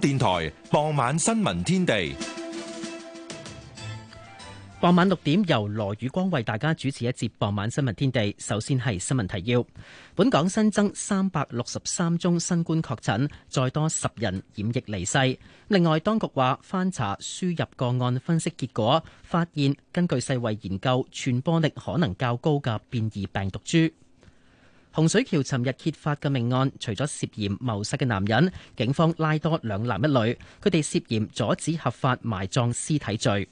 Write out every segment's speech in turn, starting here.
電台傍晚新聞天地，傍晚六點由羅宇光為大家主持一節傍晚新聞天地。首先係新聞提要：本港新增三百六十三宗新冠確診，再多十人染疫離世。另外，當局話翻查輸入個案分析結果，發現根據世衛研究，傳播力可能較高嘅變異病毒株。洪水橋尋日揭發嘅命案，除咗涉嫌謀殺嘅男人，警方拉多兩男一女，佢哋涉嫌阻止合法埋葬屍體罪。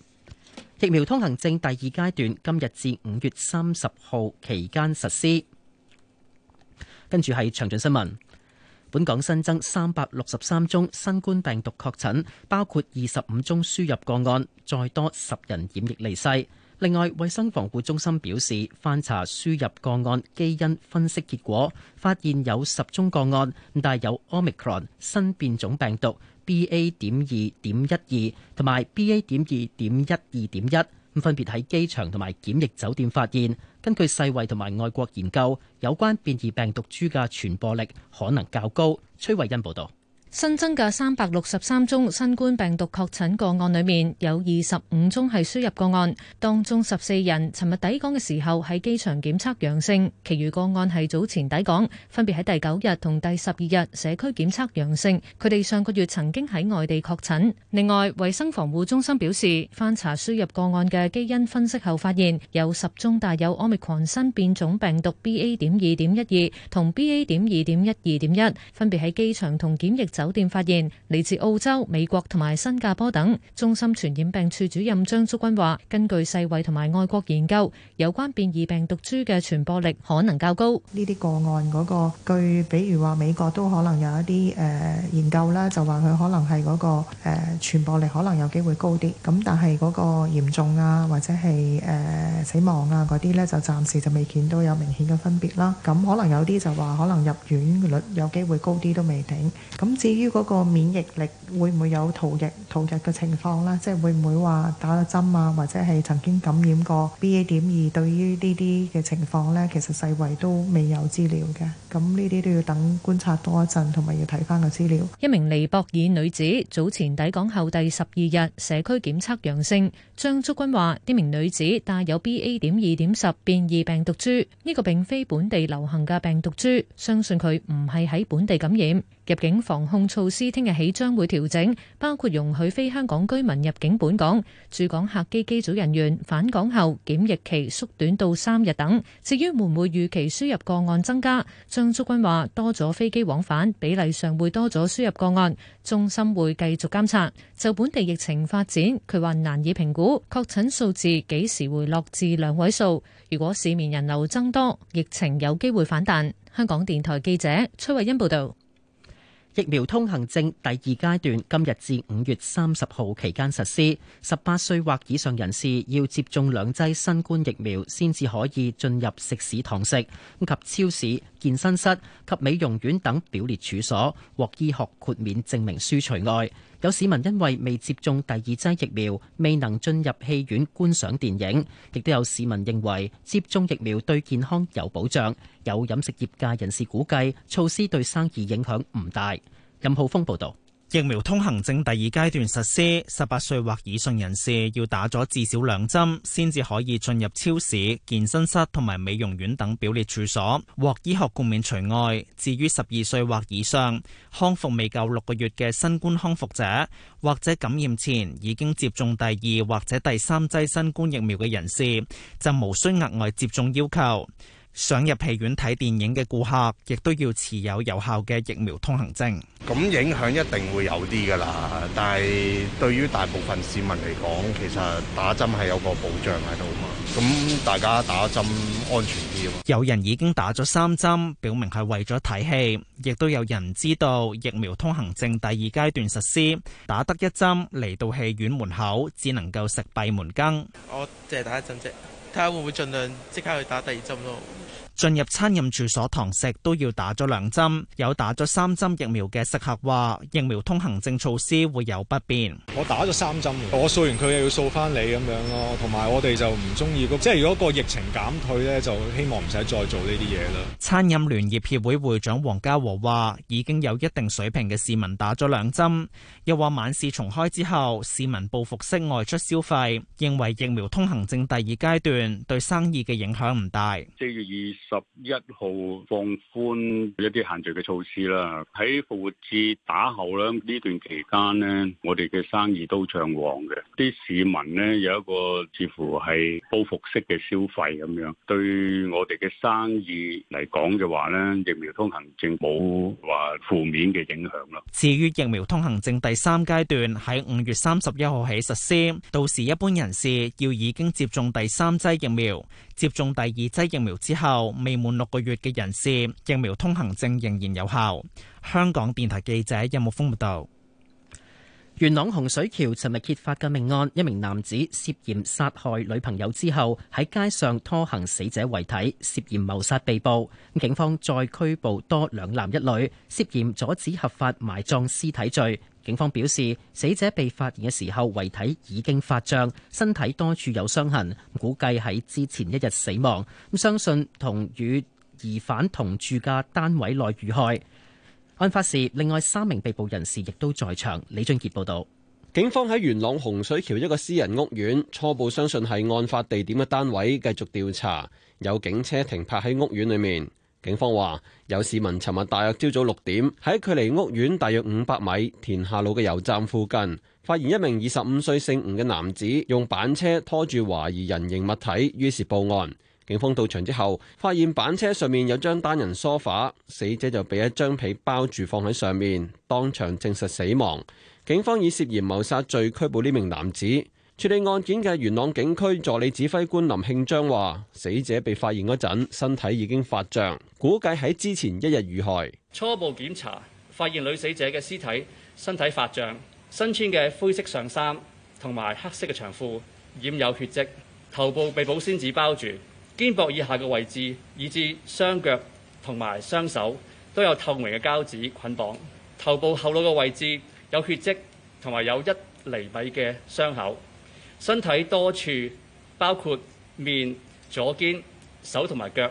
疫苗通行證第二階段今日至五月三十號期間實施。跟住係詳盡新聞，本港新增三百六十三宗新冠病毒確診，包括二十五宗輸入個案，再多十人染疫離世。另外，衛生防護中心表示，翻查輸入個案基因分析結果，發現有十宗個案，帶有 omicron 新變種病毒 BA. 點二點一二同埋 BA. 點二點一二點一，分別喺機場同埋檢疫酒店發現。根據世衞同埋外國研究，有關變異病毒株嘅傳播力可能較高。崔慧欣報道。新增嘅三百六十三宗新冠病毒確診個案裏面，有二十五宗係輸入個案，當中十四人尋日抵港嘅時候喺機場檢測陽性，其餘個案係早前抵港，分別喺第九日同第十二日社區檢測陽性，佢哋上個月曾經喺外地確診。另外，衛生防護中心表示，翻查輸入個案嘅基因分析後發現，有十宗帶有奧密克戎新變種病毒 BA. 點二點一二同 BA. 點二點一二點一，分別喺機場同檢疫。酒店發現嚟自澳洲、美國同埋新加坡等。中心傳染病處主任張竹君話，根據世衞同埋外國研究，有關變異病毒株嘅傳播力可能較高。呢啲個案嗰個，據比如話美國都可能有一啲誒研究啦，就話佢可能係嗰個誒傳播力可能有機會高啲。咁但係嗰個嚴重啊，或者係誒死亡啊嗰啲呢，就暫時就未見到有明顯嘅分別啦。咁可能有啲就話可能入院率有機會高啲都未定。咁自至於嗰個免疫力會唔會有逃逸逃逸嘅情況呢？即係會唔會話打咗針啊，或者係曾經感染過 B A. 點二對於呢啲嘅情況呢？其實世衞都未有資料嘅，咁呢啲都要等觀察多一陣，同埋要睇翻個資料。一名尼泊爾女子早前抵港後第十二日社區檢測陽性，張竹君話，呢名女子帶有 B A. 點二點十變異病毒株，呢個並非本地流行嘅病毒株，相信佢唔係喺本地感染。入境防控措施聽日起將會調整，包括容許非香港居民入境本港、駐港客機機組人員返港後檢疫期縮短到三日等。至於會唔會預期輸入個案增加，張竹君話多咗飛機往返，比例上會多咗輸入個案，中心會繼續監察。就本地疫情發展，佢話難以評估確診數字幾時回落至兩位數。如果市面人流增多，疫情有機會反彈。香港電台記者崔慧欣報道。疫苗通行證第二階段今日至五月三十號期間實施，十八歲或以上人士要接種兩劑新冠疫苗先至可以進入食肆、堂食及超市。健身室及美容院等表列處所獲醫學豁免證明書除外。有市民因為未接種第二劑疫苗，未能進入戲院觀賞電影，亦都有市民認為接種疫苗對健康有保障。有飲食業界人士估計，措施對生意影響唔大。任浩峰報道。疫苗通行證第二階段實施，十八歲或以上人士要打咗至少兩針，先至可以進入超市、健身室同埋美容院等表列處所，獲醫學豁免除外。至於十二歲或以上康復未夠六個月嘅新冠康復者，或者感染前已經接種第二或者第三劑新冠疫苗嘅人士，就無需額外接種要求。想入戲院睇電影嘅顧客，亦都要持有有效嘅疫苗通行證。咁影響一定會有啲㗎喇，但係對於大部分市民嚟講，其實打針係有個保障喺度嘛。咁大家打針安全啲。有人已經打咗三針，表明係為咗睇戲，亦都有人知道疫苗通行證第二階段實施，打得一針嚟到戲院門口，只能夠食閉門羹。我即係打一針啫。睇下會唔會盡量即刻去打第二針咯。進入餐飲住所堂食都要打咗兩針，有打咗三針疫苗嘅食客話，疫苗通行證措施會有不便。我打咗三針，我掃完佢又要掃返你咁樣咯，同埋我哋就唔中意嗰，即係如果個疫情減退呢，就希望唔使再做呢啲嘢啦。餐飲聯業協會會長黃家和話，已經有一定水平嘅市民打咗兩針，又話晚市重開之後，市民報復式外出消費，認為疫苗通行證第二階段對生意嘅影響唔大。十一號放寬一啲限聚嘅措施啦，喺復活節打後咧，呢段期間呢，我哋嘅生意都暢旺嘅，啲市民呢，有一個似乎係報復式嘅消費咁樣，對我哋嘅生意嚟講嘅話呢，疫苗通行證冇話負面嘅影響咯。至於疫苗通行證第三階段喺五月三十一號起實施，到時一般人士要已經接種第三劑疫苗。接種第二劑疫苗之後，未滿六個月嘅人士疫苗通行證仍然有效。香港電台記者任木峰報道：元朗洪水橋尋日揭發嘅命案，一名男子涉嫌殺害女朋友之後喺街上拖行死者遺體，涉嫌謀殺被捕。咁警方再拘捕多兩男一女，涉嫌阻止合法埋葬屍體罪。警方表示，死者被發現嘅時候，遺體已經發脹，身體多處有傷痕，估計喺之前一日死亡。咁相信同與疑犯同住嘅單位內遇害。案發時，另外三名被捕人士亦都在場。李俊杰報道，警方喺元朗洪水橋一個私人屋苑，初步相信係案發地點嘅單位，繼續調查。有警車停泊喺屋苑裏面。警方話，有市民尋日大約朝早六點喺距離屋苑大約五百米田下路嘅油站附近，發現一名二十五歲姓吳嘅男子用板車拖住懷疑人形物體，於是報案。警方到場之後，發現板車上面有張單人梳化，死者就畀一張被包住放喺上面，當場證實死亡。警方以涉嫌謀殺罪拘捕呢名男子。處理案件嘅元朗警區助理指揮官林慶章話，死者被發現嗰陣身體已經發脹，估計喺之前一日遇害。初步檢查發現女死者嘅屍體身體發脹，身穿嘅灰色上衫同埋黑色嘅長褲染有血跡，頭部被保鮮紙包住，肩膊以下嘅位置以至雙腳同埋雙手都有透明嘅膠紙捆綁，頭部後腦嘅位置有血跡，同埋有一厘米嘅傷口。身體多處，包括面、左肩、手同埋腳，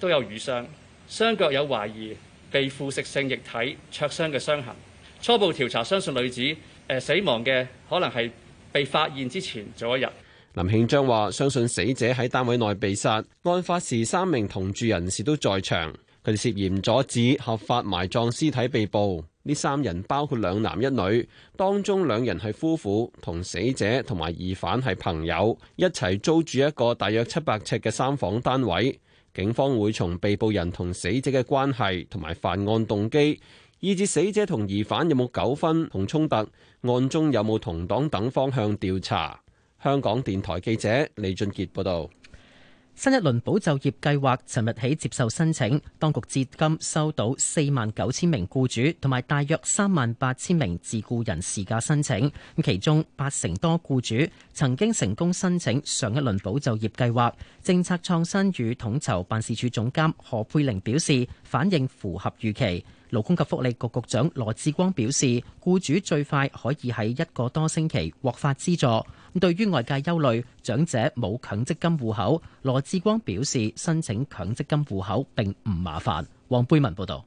都有瘀傷。雙腳有懷疑被腐蝕性液體灼傷嘅傷痕。初步調查相信女子誒死亡嘅可能係被發現之前早一日。林慶章話：相信死者喺單位內被殺，案發時三名同住人士都在場。佢哋涉嫌阻止合法埋葬屍體，被捕。呢三人包括兩男一女，當中兩人係夫婦，同死者同埋疑犯係朋友，一齊租住一個大約七百尺嘅三房單位。警方會從被捕人同死者嘅關係，同埋犯案動機，以至死者同疑犯有冇糾紛同衝突，案中有冇同黨等方向調查。香港電台記者李俊傑報道。新一輪保就業計劃尋日起接受申請，當局至今收到四萬九千名雇主同埋大約三萬八千名自雇人士嘅申請。其中八成多雇主曾經成功申請上一輪保就業計劃。政策創新與統籌辦事處總監何佩玲表示，反應符合預期。勞工及福利局局長羅志光表示，僱主最快可以喺一個多星期獲發資助。咁對於外界憂慮長者冇強積金戶口，羅志光表示申請強積金戶口並唔麻煩。黃貝文報道，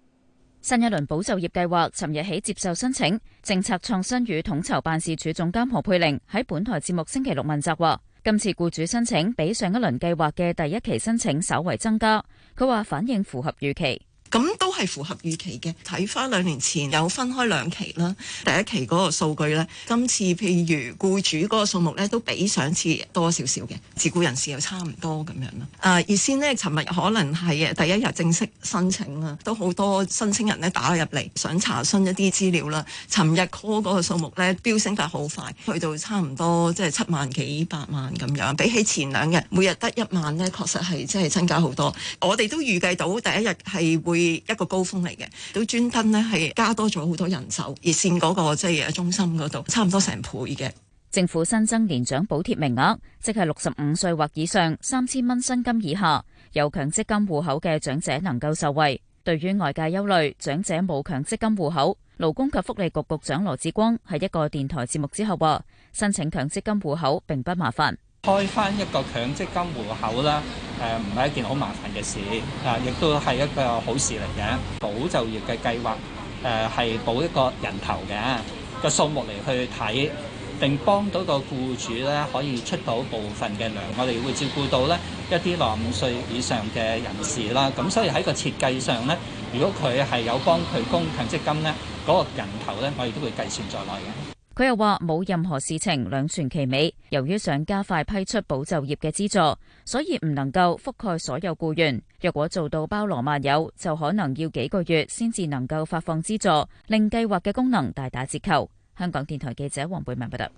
新一輪保就業計劃尋日起接受申請。政策創新與統籌辦事處總監何佩玲喺本台節目星期六問責話，今次僱主申請比上一輪計劃嘅第一期申請稍為增加，佢話反應符合預期。咁都係符合預期嘅。睇翻兩年前有分開兩期啦，第一期嗰個數據呢，今次譬如僱主嗰個數目呢，都比上次多少少嘅，自雇人士又差唔多咁樣啦。啊、呃，而先呢，尋日可能係第一日正式申請啦，都好多申請人呢打入嚟，想查詢一啲資料啦。尋日 call 嗰個數目呢，飆升得好快，去到差唔多即係、就是、七萬幾八萬咁樣，比起前兩日每日得一萬呢，確實係即係增加好多。我哋都預計到第一日係會一個高峰嚟嘅，都專登呢，係加多咗好多人手，熱線嗰個即係中心嗰度差唔多成倍嘅。政府新增年長補貼名額，即係六十五歲或以上三千蚊薪金以下有強積金戶口嘅長者能夠受惠。對於外界憂慮長者冇強積金戶口，勞工及福利局局長羅致光喺一個電台節目之後話，申請強積金戶口並不麻煩。開翻一個強積金戶口啦，誒唔係一件好麻煩嘅事，啊、呃，亦都係一個好事嚟嘅。保就業嘅計劃，誒、呃、係保一個人頭嘅個數目嚟去睇，並幫到個僱主咧可以出到部分嘅糧，我哋會照顧到咧一啲六十五歲以上嘅人士啦。咁所以喺個設計上咧，如果佢係有幫佢供強積金咧，嗰、那個人頭咧我亦都會計算在內嘅。佢又話冇任何事情兩全其美，由於想加快批出保就業嘅資助，所以唔能夠覆蓋所有僱員。若果做到包羅萬有，就可能要幾個月先至能夠發放資助，令計劃嘅功能大打折扣。香港電台記者黃貝文報道。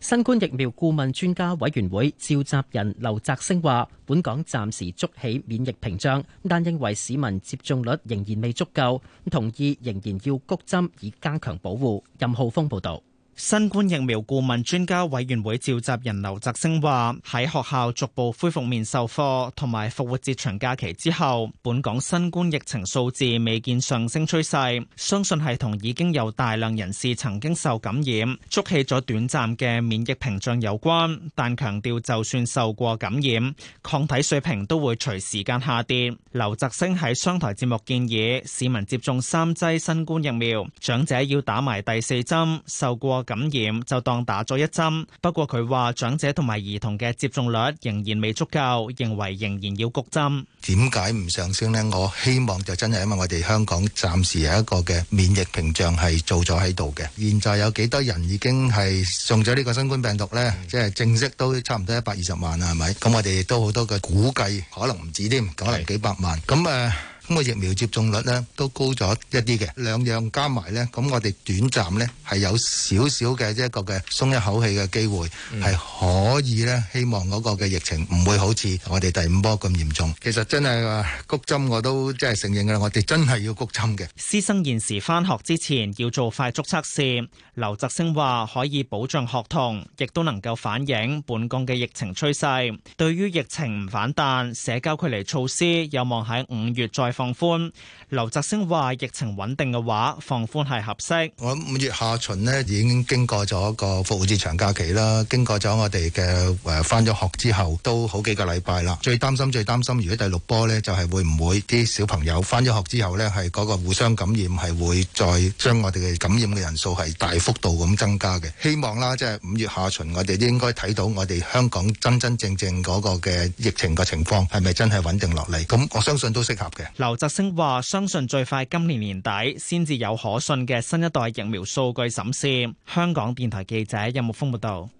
新冠疫苗顧問專家委員會召集人劉澤星話，本港暫時築起免疫屏障，但認為市民接種率仍然未足夠，同意仍然要谷針以加強保護，任浩峰報道。新冠疫苗顧問專家委員會召集人劉澤星話，喺學校逐步恢復面授課同埋復活節長假期之後，本港新冠疫情數字未見上升趨勢，相信係同已經有大量人士曾經受感染，築起咗短暫嘅免疫屏障有關，但強調就算受過感染，抗體水平都會隨時間下跌。劉澤星喺商台節目建議市民接種三劑新冠疫苗，長者要打埋第四針受過，感染就當打咗一針，不過佢話長者同埋兒童嘅接種率仍然未足夠，認為仍然要谷針。點解唔上升呢？我希望就真係，因為我哋香港暫時有一個嘅免疫屏障係做咗喺度嘅。現在有幾多人已經係中咗呢個新冠病毒呢？即係正式都差唔多一百二十萬喇？係咪？咁我哋都好多嘅估計，可能唔止添，可能幾百萬。咁誒。咁個疫苗接種率咧都高咗一啲嘅，兩樣加埋呢。咁我哋短暫呢，係有少少嘅一個嘅鬆一口氣嘅機會，係、嗯、可以呢。希望嗰個嘅疫情唔會好似我哋第五波咁嚴重。其實真係係谷針我都真係承認啦，我哋真係要谷針嘅。師生現時返學之前要做快速測試。劉澤星話可以保障學童，亦都能夠反映本港嘅疫情趨勢。對於疫情唔反彈，社交距離措施有望喺五月再。放寬，劉澤升話：疫情穩定嘅話，放寬係合適。我諗五月下旬咧，已經經過咗個復活節長假期啦，經過咗我哋嘅誒翻咗學之後，都好幾個禮拜啦。最擔心最擔心，如果第六波咧，就係會唔會啲小朋友翻咗學之後咧，係嗰個互相感染，係會再將我哋嘅感染嘅人數係大幅度咁增加嘅。希望啦，即係五月下旬，我哋應該睇到我哋香港真真正正嗰個嘅疫情嘅情況係咪真係穩定落嚟？咁我相信都適合嘅。劉澤星話：相信最快今年年底先至有可信嘅新一代疫苗數據審視。香港電台記者任木峰報道。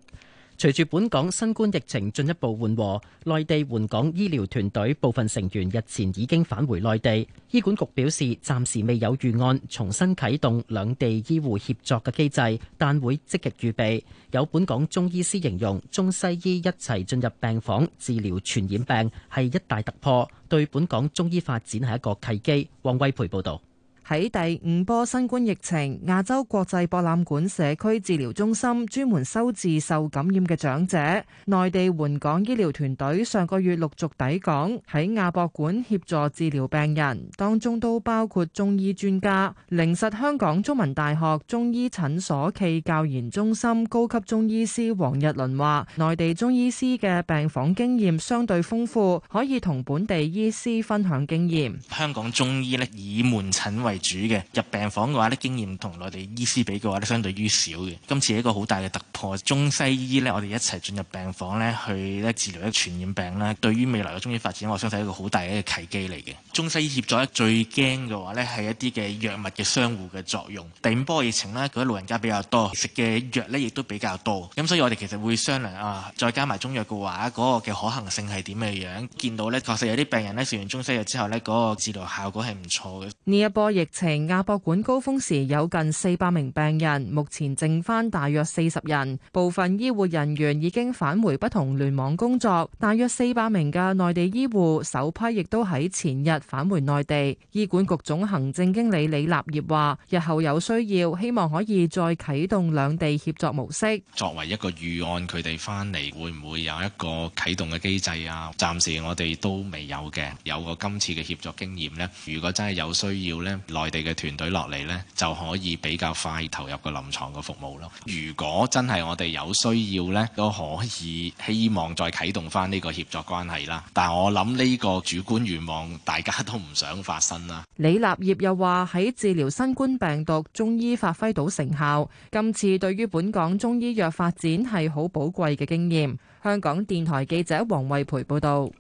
隨住本港新冠疫情進一步緩和，內地援港醫療團隊部分成員日前已經返回內地。醫管局表示，暫時未有預案重新啟動兩地醫護協作嘅機制，但會積極預備。有本港中醫師形容，中西醫一齊進入病房治療傳染病係一大突破，對本港中醫發展係一個契機。王威培報道。喺第五波新冠疫情，亞洲國際博覽館社區治療中心專門收治受感染嘅長者。內地援港醫療團隊上個月陸續抵港，喺亞博館協助治療病人，當中都包括中醫專家。零實香港中文大學中醫診所暨教研中心高級中醫師黃日倫話，內地中醫師嘅病房經驗相對豐富，可以同本地醫師分享經驗，香港中醫呢以門診為主嘅入病房嘅話咧，經驗同內地醫師比嘅話咧，相對於少嘅。今次一個好大嘅突破，中西醫咧，我哋一齊進入病房咧，去咧治療一個傳染病啦。對於未來嘅中醫發展，我相信係一個好大嘅契機嚟嘅。中西醫協作咧，最驚嘅話咧係一啲嘅藥物嘅相互嘅作用。第五波疫情咧，嗰啲老人家比較多，食嘅藥咧亦都比較多，咁所以我哋其實會商量啊，再加埋中藥嘅話，嗰個嘅可行性係點嘅樣？見到咧，確實有啲病人咧食完中西藥之後咧，嗰個治療效果係唔錯嘅。呢一波疫情，亞博館高峰時有近四百名病人，目前剩翻大約四十人，部分醫護人員已經返回不同聯網工作，大約四百名嘅內地醫護首批亦都喺前日。返回內地，醫管局總行政經理李立業話日後有需要，希望可以再啟動兩地協作模式，作為一個預案，佢哋翻嚟會唔會有一個啟動嘅機制啊？暫時我哋都未有嘅，有個今次嘅協作經驗咧。如果真係有需要咧，內地嘅團隊落嚟咧，就可以比較快投入個臨牀嘅服務咯。如果真係我哋有需要咧，都可以希望再啟動翻呢個協作關係啦。但我諗呢個主觀願望，大家。都唔想發生啦。李立業又話：喺治療新冠病毒，中醫發揮到成效。今次對於本港中醫藥發展係好寶貴嘅經驗。香港電台記者黃慧培報導。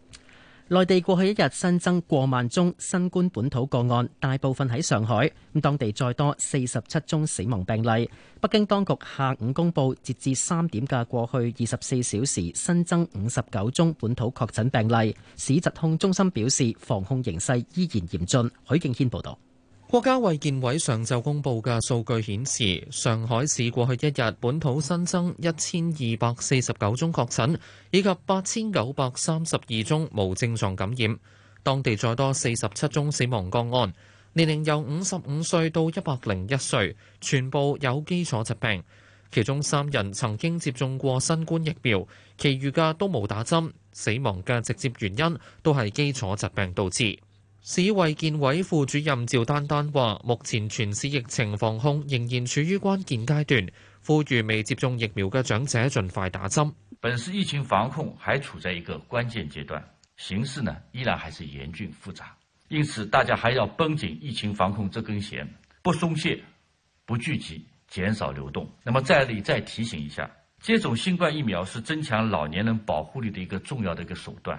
內地過去一日新增過萬宗新冠本土個案，大部分喺上海。咁當地再多四十七宗死亡病例。北京當局下午公布，截至三點嘅過去二十四小時新增五十九宗本土確診病例。市疾控中心表示，防控形勢依然嚴峻。許敬軒報導。國家衛健委上晝公布嘅數據顯示，上海市過去一日本土新增一千二百四十九宗確診，以及八千九百三十二宗無症狀感染。當地再多四十七宗死亡個案，年齡由五十五歲到一百零一歲，全部有基礎疾病。其中三人曾經接種過新冠疫苗，其餘嘅都冇打針。死亡嘅直接原因都係基礎疾病導致。市衛健委副主任趙丹丹話，目前全市疫情防控仍然處於關鍵階段，呼籲未接種疫苗嘅長者盡快打針。本市疫情防控還處在一個關鍵階段，形勢呢依然還是嚴峻複雜，因此大家還要繃緊疫情防控這根絃，不鬆懈，不聚集，減少流動。那麼再嚟再提醒一下，接種新冠疫苗是增強老年人保護力的一個重要的一個手段。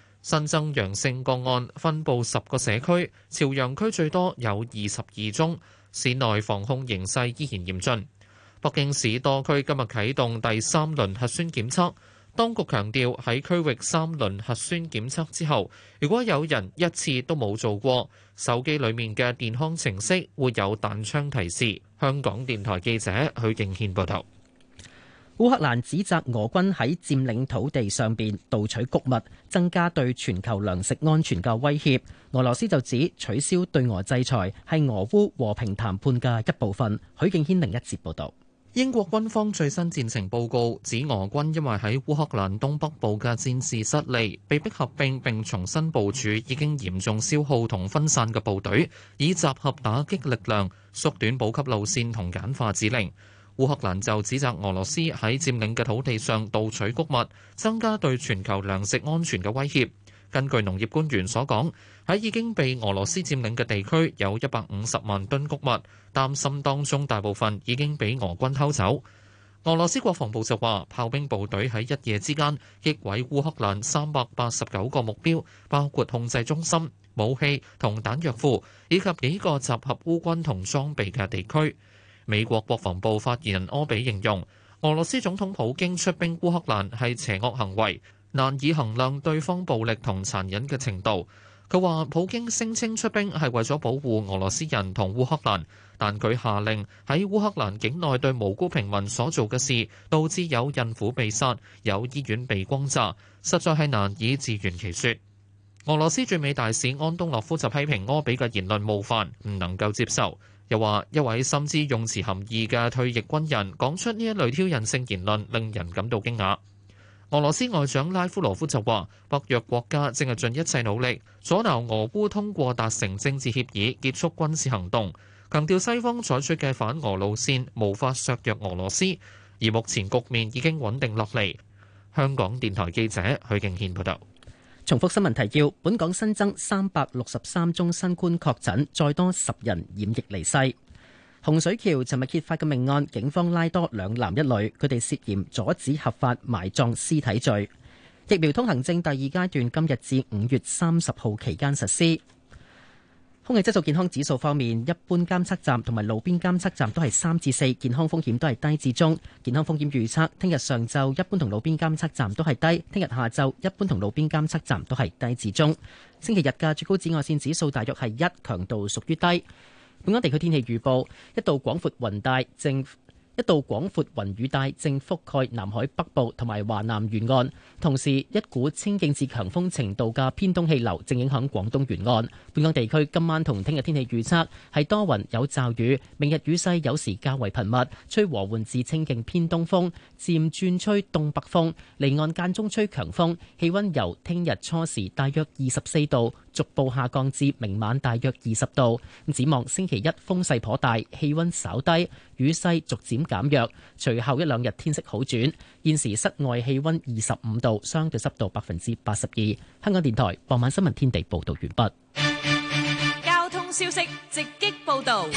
新增陽性個案分布十個社區，朝陽區最多有二十二宗，市內防控形勢依然嚴峻。北京市多區今日啟動第三輪核酸檢測，當局強調喺區域三輪核酸檢測之後，如果有人一次都冇做過，手機裏面嘅健康程式，會有彈窗提示。香港電台記者許敬軒報道。烏克蘭指責俄軍喺佔領土地上邊盜取谷物，增加對全球糧食安全嘅威脅。俄羅斯就指取消對俄制裁係俄烏和平談判嘅一部分。許敬軒另一節報導，英國軍方最新戰情報告指，俄軍因為喺烏克蘭東北部嘅戰事失利，被迫合併並重新部署已經嚴重消耗同分散嘅部隊，以集合打擊力量，縮短補給路線同簡化指令。烏克蘭就指責俄羅斯喺佔領嘅土地上盜取穀物，增加對全球糧食安全嘅威脅。根據農業官員所講，喺已經被俄羅斯佔領嘅地區，有一百五十萬噸穀物，擔心當中大部分已經被俄軍偷走。俄羅斯國防部就話，炮兵部隊喺一夜之間擊毀烏克蘭三百八十九個目標，包括控制中心、武器同彈藥庫，以及幾個集合烏軍同裝備嘅地區。美國國防部發言人柯比形容，俄羅斯總統普京出兵烏克蘭係邪惡行為，難以衡量對方暴力同殘忍嘅程度。佢話普京聲稱出兵係為咗保護俄羅斯人同烏克蘭，但佢下令喺烏克蘭境內對無辜平民所做嘅事，導致有孕婦被殺、有醫院被轟炸，實在係難以自圓其說。俄羅斯駐美大使安東諾夫就批評柯比嘅言論冒犯，唔能夠接受。又話一位深知用詞含義嘅退役軍人講出呢一類挑釁性言論，令人感到驚訝。俄羅斯外長拉夫羅夫就話，北約國家正係盡一切努力阻撓俄烏通過達成政治協議結束軍事行動，強調西方採取嘅反俄路線無法削弱俄羅斯，而目前局面已經穩定落嚟。香港電台記者許敬憲報道。重複新聞提要：本港新增三百六十三宗新冠確診，再多十人染疫離世。洪水橋尋日揭發嘅命案，警方拉多兩男一女，佢哋涉嫌阻止合法埋葬屍體罪。疫苗通行證第二階段今日至五月三十號期間實施。空氣質素健康指數方面，一般監測站同埋路邊監測站都係三至四，健康風險都係低至中。健康風險預測，聽日上晝一般同路邊監測站都係低，聽日下晝一般同路邊監測站都係低至中。星期日嘅最高紫外線指數大約係一，強度屬於低。本港地區天氣預報：一道廣闊雲帶正。一道廣闊雲雨帶正覆蓋南海北部同埋華南沿岸，同時一股清勁至強風程度嘅偏東氣流正影響廣東沿岸。本港地區今晚同聽日天氣預測係多雲有驟雨，明日雨勢有時較為頻密，吹和緩至清勁偏東風，漸轉吹東北風，離岸間中吹強風。氣温由聽日初時大約二十四度。逐步下降至明晚大約二十度，咁展望星期一風勢頗大，氣溫稍低，雨勢逐漸減弱，隨後一兩日天色好轉，現時室外氣溫二十五度，相對濕度百分之八十二。香港電台傍晚新聞天地報道完畢，交通消息直擊報道。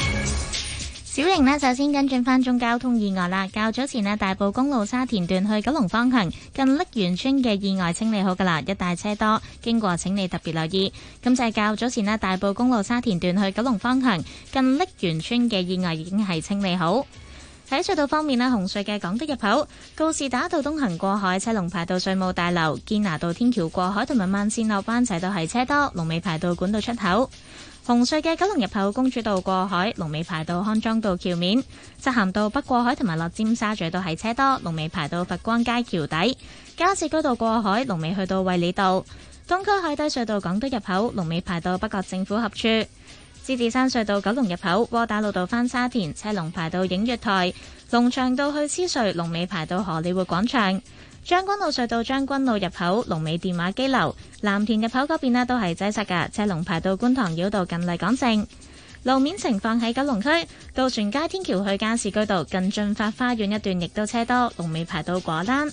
小瑩呢，首先跟進返宗交通意外啦。較早前呢，大埔公路沙田段去九龍方向近瀝源村嘅意外清理好噶啦，一帶車多經過請你特別留意。咁就係較早前呢，大埔公路沙田段去九龍方向近瀝源村嘅意外已經係清理好。喺隧道方面呢，紅隧嘅港島入口、告士打道東行過海、車龍排到稅務大樓、堅拿道天橋過海同埋慢線落班仔都係車多，龍尾排到管道出口。紅隧嘅九龍入口，公主道過海，龍尾排到康莊道橋面；漆咸道北過海同埋落尖沙咀都係車多，龍尾排到佛光街橋底。加士居道過海，龍尾去到衛理道。東區海底隧道港島入口，龍尾排到北角政府合處。獅子山隧道九龍入口，窩打老道翻沙田，車龍排到映月台。龍翔道去獅隧，龍尾排到荷里活廣場。將軍澳隧道將軍澳入口，龍尾電話機樓，藍田入口嗰邊咧都係擠塞噶，車龍排到觀塘繞道近麗港城。路面情況喺九龍區，渡船街天橋去加士居道近駿發花園一段，亦都車多，龍尾排到果欄。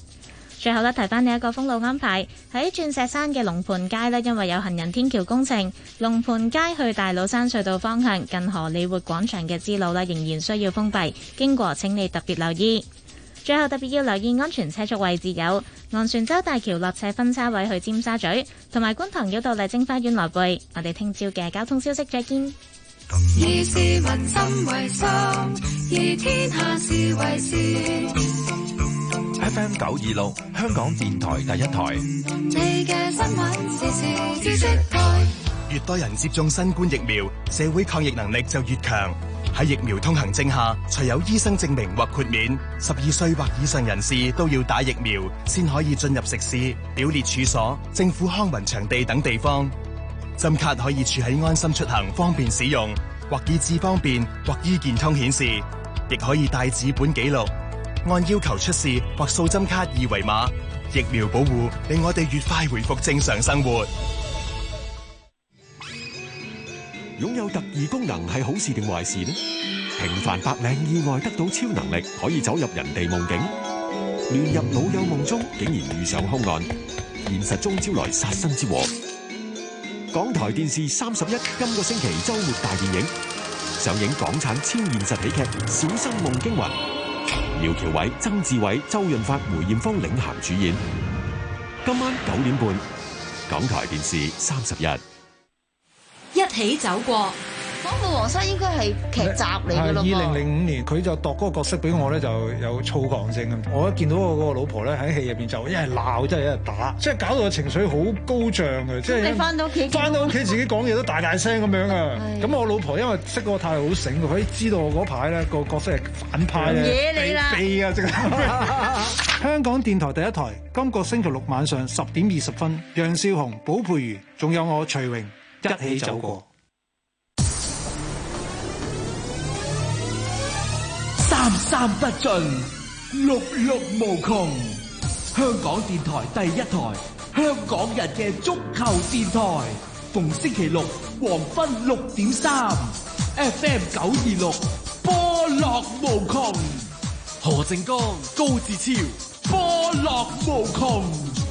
最後呢，提翻你一個封路安排，喺鑽石山嘅龍盤街呢，因為有行人天橋工程，龍盤街去大老山隧道方向近荷里活廣場嘅支路呢，仍然需要封閉，經過請你特別留意。最後特別要留意安全車速位置，有昂船洲大橋落斜分叉位去尖沙咀，同埋觀塘繞道麗晶花園來回。我哋聽朝嘅交通消息，再見。以市民心為心，以天下事為先。F M 九二六香港電台第一台。 你嘅新聞時事消息台。越多人接種新冠疫苗，社會抗疫能力就越強。喺疫苗通行證下，除有醫生證明或豁免，十二歲或以上人士都要打疫苗，先可以進入食肆、表列處所、政府康文場地等地方。針卡可以儲喺安心出行，方便使用，或以智方便，或醫健通顯示，亦可以帶紙本記錄，按要求出示或掃針卡二維碼。疫苗保護令我哋越快回復正常生活。擁有特異功能係好事定壞事呢？平凡白領意外得到超能力，可以走入人哋夢境，亂入老友夢中，竟然遇上凶案，現實中招來殺身之禍。港台電視三十一今個星期周末大電影上映，港產超現實喜劇《小生夢驚魂》，苗僑偉、曾志偉、周潤發、梅艷芳領銜主演。今晚九點半，港台電視三十一。一起走過《火舞黃沙》應該係劇集嚟噶咯。二零零五年佢就度嗰個角色俾我咧，就有躁狂症。我一見到我嗰個老婆咧，喺戲入邊就一係鬧，一係一係打，即係搞到情緒好高漲嘅。即係你哋翻到屋企，翻到屋企自己講嘢都大大聲咁樣啊。咁 是我老婆因為識我太好醒，佢可以知道我嗰排咧個角色係反派咧，惹你啦避避啊！ 香港電台第一台，今個星期六晚上十點二十分，楊少雄、寶佩如，仲有我徐榮。一起走過，三三不盡，六六無窮。香港電台第一台，香港人嘅足球電台，逢星期六黃昏六點三，FM 九二六，波樂無窮。何靜江、高志超，波樂無窮。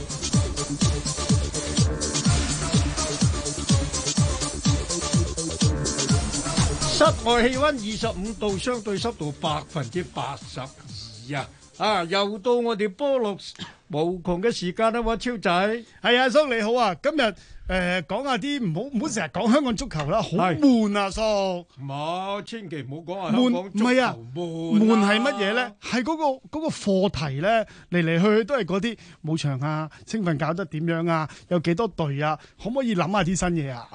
室外氣溫二十五度，相對濕度百分之八十二啊！啊，又到我哋波錄無窮嘅時間啦，啊，喎超仔係啊，叔你好啊，今日誒講下啲唔好唔好成日講香港足球啦，好悶啊，是啊，叔冇，啊，千祈唔好講啊，悶唔係啊，悶係乜嘢咧？係嗰個嗰個課題咧，嚟嚟去去都係嗰啲冇場啊，青訓搞得點樣啊？有幾多隊啊？可唔可以諗下啲新嘢啊？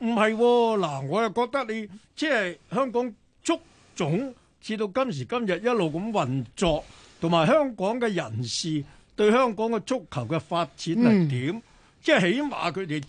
唔係，嗱、哦，我又覺得你即係、就是、香港足總至到今時今日一路咁運作，同埋香港嘅人士對香港嘅足球嘅發展係點？即係、嗯、起碼佢哋。